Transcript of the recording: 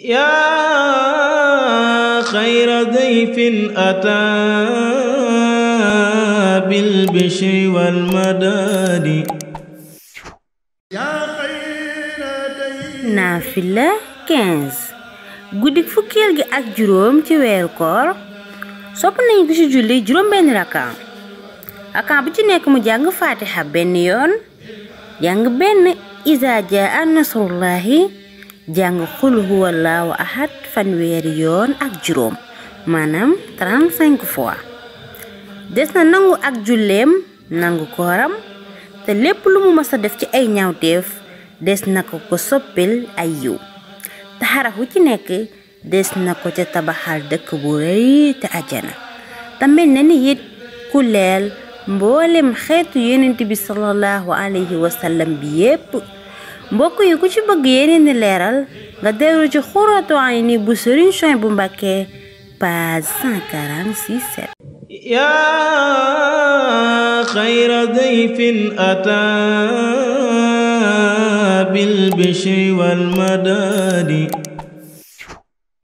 yaa xayra dayfin ataa bil bishri wal madaadi bu ci nekk mu jàng yoon jàng benn izaa jàng xul huwallaahu ahad fanweeri yoon ak juróom maanaam 35 fois des na nangu ak julleem nangu kooram te lépp lu mu mës a def ci ay ñawteef des na ko ko soppil ay yiw te xaraf ci nekk des na ko ca tabaxal dëkk bu rëy te ajana te mel na ni ku leel mboolem xeetu yonent bi sallallahu alayhi wa bi yépp mbokk yi ku ci bëgg yeneen ni leeral nga dellu ci xuratu ayni bu Serigne Souhaïbou Mbacké page 146 yaa xayra dayfin ataa bil bishri wal madadi